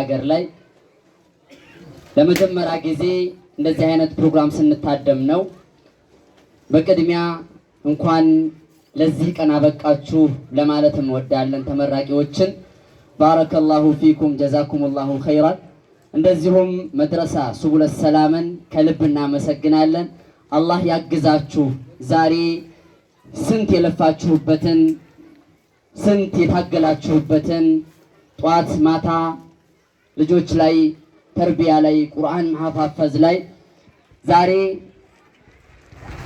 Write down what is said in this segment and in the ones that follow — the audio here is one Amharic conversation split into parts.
ሀገር ላይ ለመጀመሪያ ጊዜ እንደዚህ አይነት ፕሮግራም ስንታደም ነው። በቅድሚያ እንኳን ለዚህ ቀን አበቃችሁ ለማለት እንወዳለን ተመራቂዎችን። ባረከላሁ ፊኩም ጀዛኩሙላሁ ኸይራን። እንደዚሁም መድረሳ ሱቡለ ሰላምን ከልብ እናመሰግናለን። አላህ ያግዛችሁ። ዛሬ ስንት የለፋችሁበትን ስንት የታገላችሁበትን ጧት ማታ ልጆች ላይ ተርቢያ ላይ ቁርአን ማህፋፈዝ ላይ ዛሬ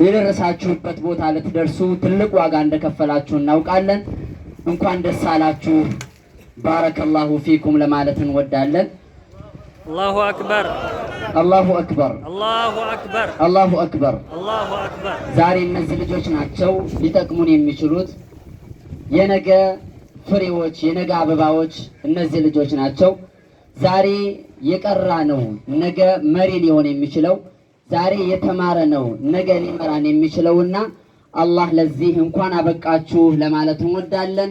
የደረሳችሁበት ቦታ ልትደርሱ ትልቅ ዋጋ እንደከፈላችሁ እናውቃለን። እንኳን ደስ አላችሁ። ባረከላሁ ፊኩም ለማለት እንወዳለን። አላሁ አክበር፣ አላሁ አክበር፣ አላሁ አክበር። ዛሬ እነዚህ ልጆች ናቸው ሊጠቅሙን የሚችሉት የነገ ፍሬዎች፣ የነገ አበባዎች እነዚህ ልጆች ናቸው። ዛሬ የቀራ ነው ነገ መሪ ሊሆን የሚችለው ዛሬ የተማረ ነው ነገ ሊመራን የሚችለውና አላህ ለዚህ እንኳን አበቃችሁ ለማለት እንወዳለን።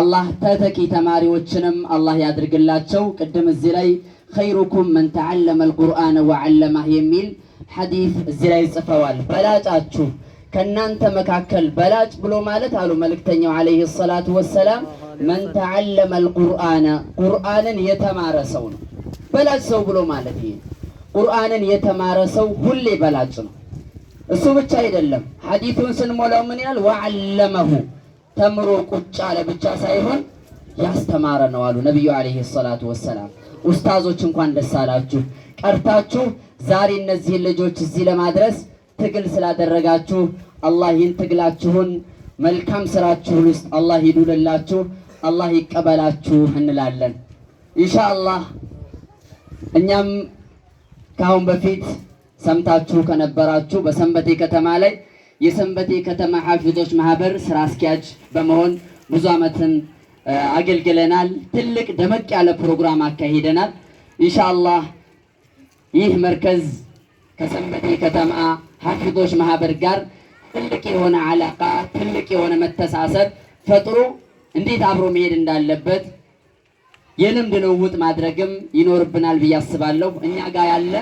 አላህ ተተኪ ተማሪዎችንም አላህ ያድርግላቸው። ቅድም እዚህ ላይ ኸይሩኩም መን ተዓለመ አልቁርአነ ወዓለማህ የሚል ሐዲስ እዚህ ላይ ጽፈዋል። በላጫችሁ ከእናንተ መካከል በላጭ ብሎ ማለት አሉ መልእክተኛው ዓለይሂ ሰላቱ ወሰላም መን ተዓለመ አልቁርአነ ቁርአንን የተማረ ሰው ነው። በላጭ ሰው ብሎ ማለት ይሄ ቁርአንን የተማረ ሰው ሁሌ በላጭ ነው። እሱ ብቻ አይደለም። ሐዲቱን ስንሞላው ምን ያህል ወዐለመሁ ተምሮ ቁጭ አለ ብቻ ሳይሆን ያስተማረ ነው አሉ ነቢዩ ዓለይሂ ሰላቱ ወሰላም። ኡስታዞች እንኳን ደስ አላችሁ። ቀርታችሁ ዛሬ እነዚህን ልጆች እዚህ ለማድረስ ትግል ስላደረጋችሁ አላህ ይህን ትግላችሁን መልካም ስራችሁን ውስጥ አላህ ይዱልላችሁ። አላህ ይቀበላችሁ እንላለን። ኢንሻአላህ እኛም ከአሁን በፊት ሰምታችሁ ከነበራችሁ በሰንበቴ ከተማ ላይ የሰንበቴ ከተማ ሐፊዞች ማህበር ስራ አስኪያጅ በመሆን ብዙ ዓመትን አገልግለናል። ትልቅ ደመቅ ያለ ፕሮግራም አካሂደናል። ኢንሻአላህ ይህ መርከዝ ከሰንበቴ ከተማ ሐፊዞች ማህበር ጋር ትልቅ የሆነ አላቃ ትልቅ የሆነ መተሳሰብ ፈጥሮ እንዴት አብሮ መሄድ እንዳለበት የልምድ ልውውጥ ማድረግም ይኖርብናል ብዬ አስባለሁ። እኛ ጋር ያለ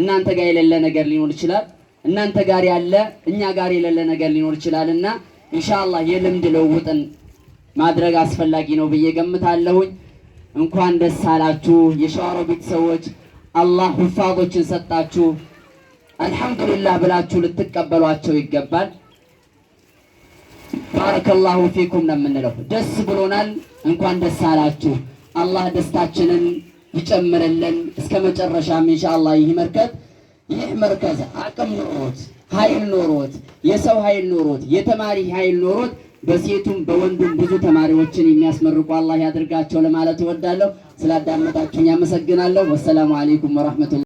እናንተ ጋር የሌለ ነገር ሊኖር ይችላል፣ እናንተ ጋር ያለ እኛ ጋር የሌለ ነገር ሊኖር ይችላል እና ኢንሻአላህ የልምድ ልውውጥን ማድረግ አስፈላጊ ነው ብዬ ገምታለሁኝ። እንኳን ደስ አላችሁ የሸዋሮ ቤተሰቦች፣ አላህ ሁፋዞችን ሰጣችሁ አልሐምዱሊላህ ብላችሁ ልትቀበሏቸው ይገባል። ባረከላሁ ፊኩም ነው የምንለው። ደስ ብሎናል። እንኳን ደስ አላችሁ። አላህ ደስታችንን ይጨምርልን እስከ መጨረሻም ኢንሻአላህ። ይህ መርከዝ ይህ መርከዝ አቅም ኖሮት ኃይል ኖሮት የሰው ኃይል ኖሮት የተማሪ ኃይል ኖሮት በሴቱም በወንዱም ብዙ ተማሪዎችን የሚያስመርቁ አላህ ያድርጋቸው ለማለት እወዳለሁ። ስላዳመጣችሁኝ አመሰግናለሁ። ወሰላሙ አለይኩም ወራህመቱላህ